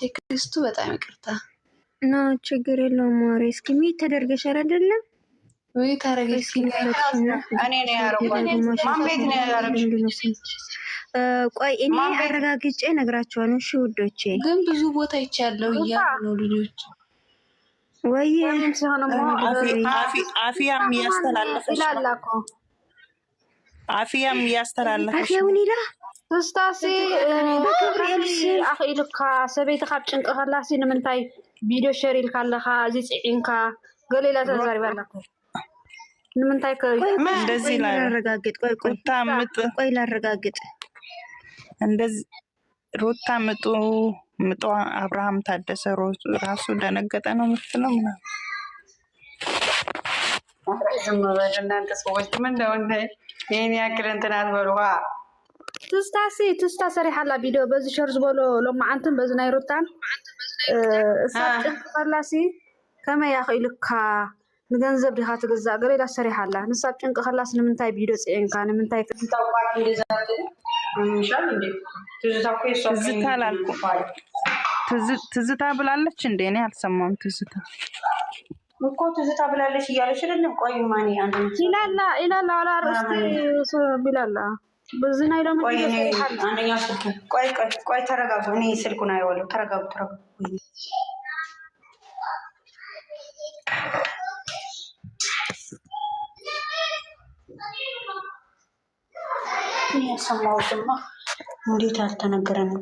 ቴክስቱ በጣም ይቅርታ ና ችግር የለውም። ማሪ እስኪ ሚ ተደርገሻል አይደለም ወይ? ታረገሽ ቆይ እኔ አረጋግጬ ነግራቸዋለሁ። እሺ ውዶቼ፣ ግን ብዙ ቦታ ይቻለው እያሉ ነው ልጆች ወይ አፊያም እያስተላለፈች አፊያም እያስተላለፈች አፊያውን ይላ እስታሲ ብክብሪ ኢልሲ ኣኽኢልካ ሰበይቲ ካብ ጭንቂ ከላሲ ንምንታይ ቪድዮ ሸር ኢልካ ኣለካ እዚ ፅዒንካ ገሌላ ተዛሪባ ኣለኩ ንምንታይ እንደዚ ላረጋግጥ እንደዚ ሩታ ምጡ ምጡ ኣብርሃም ታደሰ ራሱ ደነገጠ ነው ምትለው ምና ዝም በሉ እናንተ ሰዎች ምን ደውነ ይህን ያክል እንትን አትበሉዋ ትዝታሲ ትዝታ ሰሪሓላ ቪድዮ በዚ ሸር ዝበሎ ሎማዓንትን በዚ ናይ ሩታን እሳ ከመይ ያኽኢሉካ ንገንዘብ ዲኻ ትግዛእ ገሌላ ሰሪሓላ ንሳብ ጭንቂ ከላስ ንምንታይ ቪድዮ ፅዕንካ ንምንታይ ትዝታ ብላለች እንደ እኔ አልሰማም። ትዝታ እኮ ትዝታ ብላለች እያለች አይደለም? ቆይ ማን ኢላላ ኢላላ ላ ርእስቲ ቢላላ በዝና ይላም አንደኛው ስልክ ቆይ ቆይ ተረጋጉ። እኔ ስልኩን አይዋለሁ። ተረጋጉ ተረጋጉ። ሰማሁትማ እንዴት አልተነገረንም?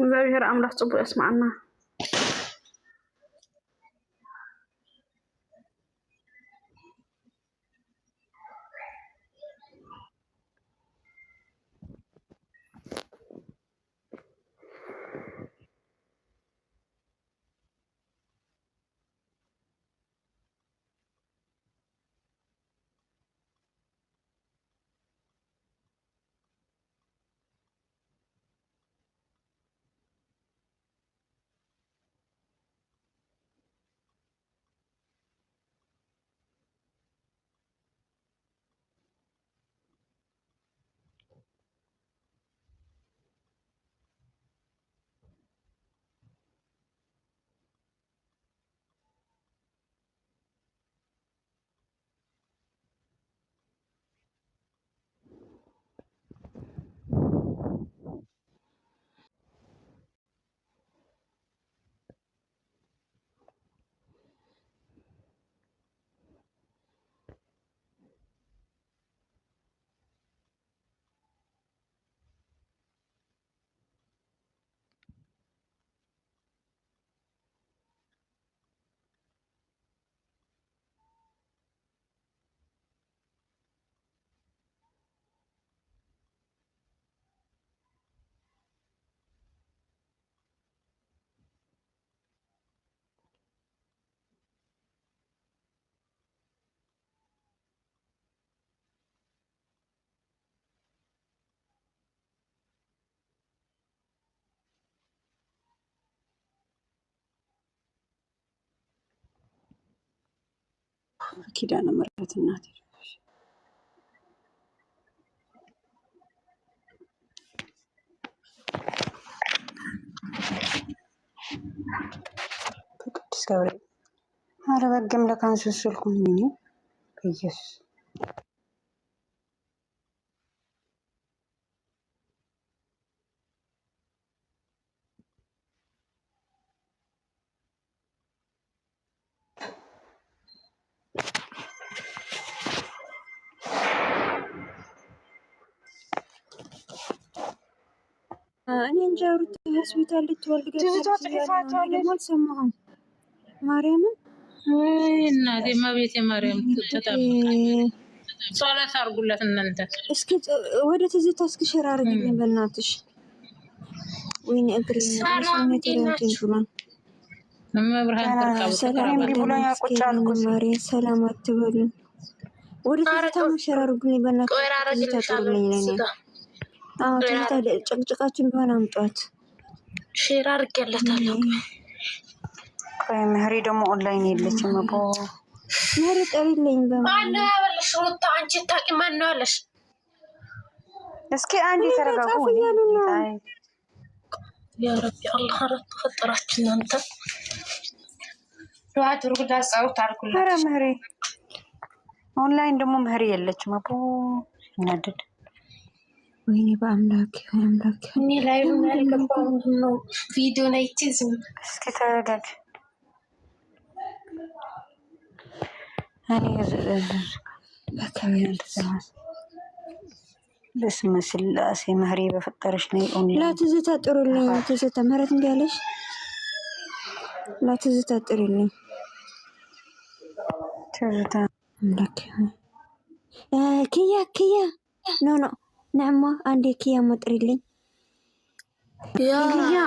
እግዚአብሔር አምላክ ጽቡቅ ያስማዕና። ኪዳነ ምሕረት እናቴ በቅዱስ ገብርኤል አረ በግም ለካንሱ ስልኩን ሚኒ በኢየሱስ እኔ እንጃ ሩት ሆስፒታል ልትወልድ ገብታለች አልሰማሁም። ማርያምን እናቴ መቤት የማርያም ትጠብቃለች። ጸሎት አድርጉላት እናንተ። እስኪ ወደ ትዝታ እስኪ ሸር አድርግልኝ በእናትሽ። ወይኔ እግር ሰላም አትበሉን። ወደ ትዝታ ሸር አድርጉልኝ በእናትሽ። ትዝታ ጥሩልኝ ለእኔ ጭቅጭቃችን ቢሆን አምጧት። ሼር አድርጌለታለሁ። ቆይ ምህሪ ደግሞ ኦንላይን የለችም እኮ ምህሪ ጠሪልኝ። በማነው ያበለሽ? ሩታ አንቺ ታቂ ማነው ያለሽ? እስኪ አንድ የተረጋጉ ያ አላህ አራት ፈጠራችሁ እናንተ ዱዓ አድርጉ። ዳጻውት አድርጉልኝ። ምህሪ ኦንላይን ደግሞ ምህሪ የለችም እኮ እናደድ أملاك أملاك ويني بقى ملاك يا ملاك ويني لا يملك بانو فيديو نيتيزم اسكت هذاك هاني بكم بسم الثلاثي مهري بفطرشني أمي لا تزتا تقرلني تزتا مرات نقالش لا تزتا تقرلني تزتا ملاك يا آه، كيا كيا نو نو ነማ አንድ የኪያ ጥሪልኝ። ያ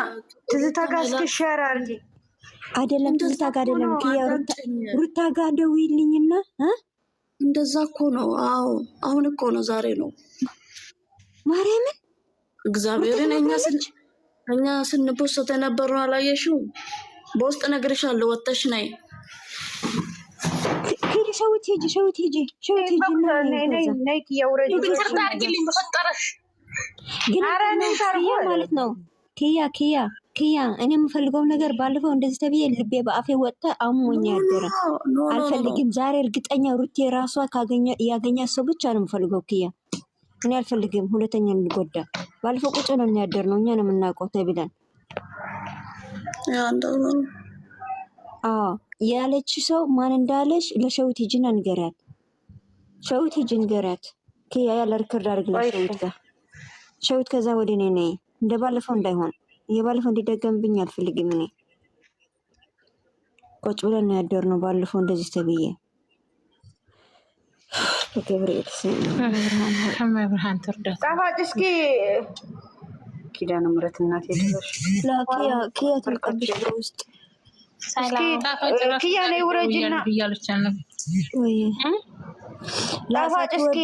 ትዝታ ጋር እስኪ አርጊ አድርጊ። አይደለም ትዝታ ጋር አይደለም ኪያ ሩታ ጋር ደውይልኝና እንደዛ እኮ ነው። አዎ አሁን እኮ ነው፣ ዛሬ ነው። ማርያምን እግዚአብሔርን እኛ ስን እኛ ስንቦስት የነበርነው አላየሽው በውስጥ ነግርሻለሁ፣ ወተሽ ነይ ሸውት ሂጂ፣ ሸውት ሂጂ፣ ሸውት ሂጂ። ይቅርታ አድርጊልኝ ማለት ነው ክያ ክያ ክያ እኔ የምፈልገው ነገር ባለፈው እንደዚህ ተብዬ ልቤ በአፌ ወጥተ አሞኛ ያደረ አልፈልግም። ዛሬ እርግጠኛ ሩቴ ራሷ ያገኛ ሰው ብቻ ነው የምፈልገው። ክያ እኔ አልፈልግም ሁለተኛ እንጎዳ። ባለፈው ቁጭ ነው የሚያደር ነው እኛ ነው የምናውቀው ተብለን ያለች ሰው ማን እንዳለች ለሸዊት ሂጂና ንገሪያት። ሸዊት ሂጂ ንገሪያት። ክያ ያለ ርክርድ አድርግላት ሸዊት ጋር ሸዊት። ከዛ ወደ እኔ ነይ፣ እንደ ባለፈው እንዳይሆን። የባለፈው እንዲደገምብኝ አልፈልግም። እኔ ቁጭ ብለን ነው ያደርነው ባለፈው እንደዚህ ተብዬ ገብርኤል ትርዳት። ጣፋጭ እስኪ ኪዳነ ምሕረት እናት ሄድሽ ለኪያ ኪያ ትልቀብሽ ውስጥ ኪያ ውረጅና ላፋጭ እስኪ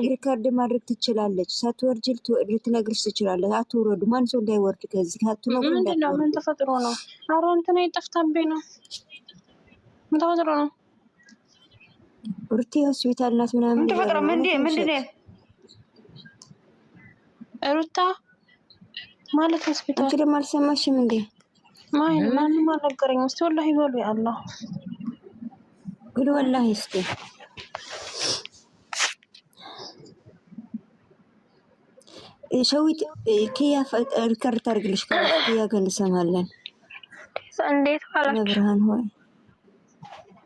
ሪከርድ ማድረግ ትችላለች። ሳትወርጅ ልትነግርሽ ትችላለች። አትውረዱ፣ ማን ሰው እንዳይወርድ ከዚህ አትነግሩ። ምንድነው? ምን ተፈጥሮ ነው? አረ እንትና የጠፍታቤ ነው። ምን ተፈጥሮ ነው? ሩቴ ሆስፒታል ናት ምናምን። ምን ተፈጥሮ ምንድን ሩታ ማለት ሆስፒታል እንግዲህ አልሰማሽም እንዴ? ማንም አልነገረኝም። እስቲ ወላሂ በሉ ያለው ግድ ወላሂ እስቲ ሸዊት ክያ ሪከርድ ታርግልሽ ክያ እንሰማለን። እንዴት ዋላችሁ ብርሃን ሆይ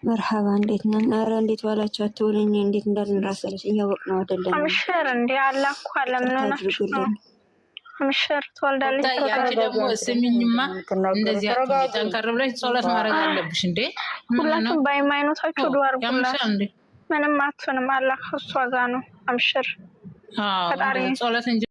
መርሐባ፣ እንዴት ነን? እንዴት ዋላችሁ? አትውልኝ እንዴት እንዳልን አምሽር እንዲ አላኳ ምሽር ትወልዳለች። ታያች ደግሞ ስሚኝማ፣ እንደዚህ ጠንከር ብለሽ ጸሎት ማድረግ አለብሽ እንዴ። ሁላችሁም ባይም አይነታችሁ ዱዓ አድርጉላት። ምንም አትሆንም። አላህ እሷ ጋ ነው። አምሽር ፈጣሪ ጸሎት እንጂ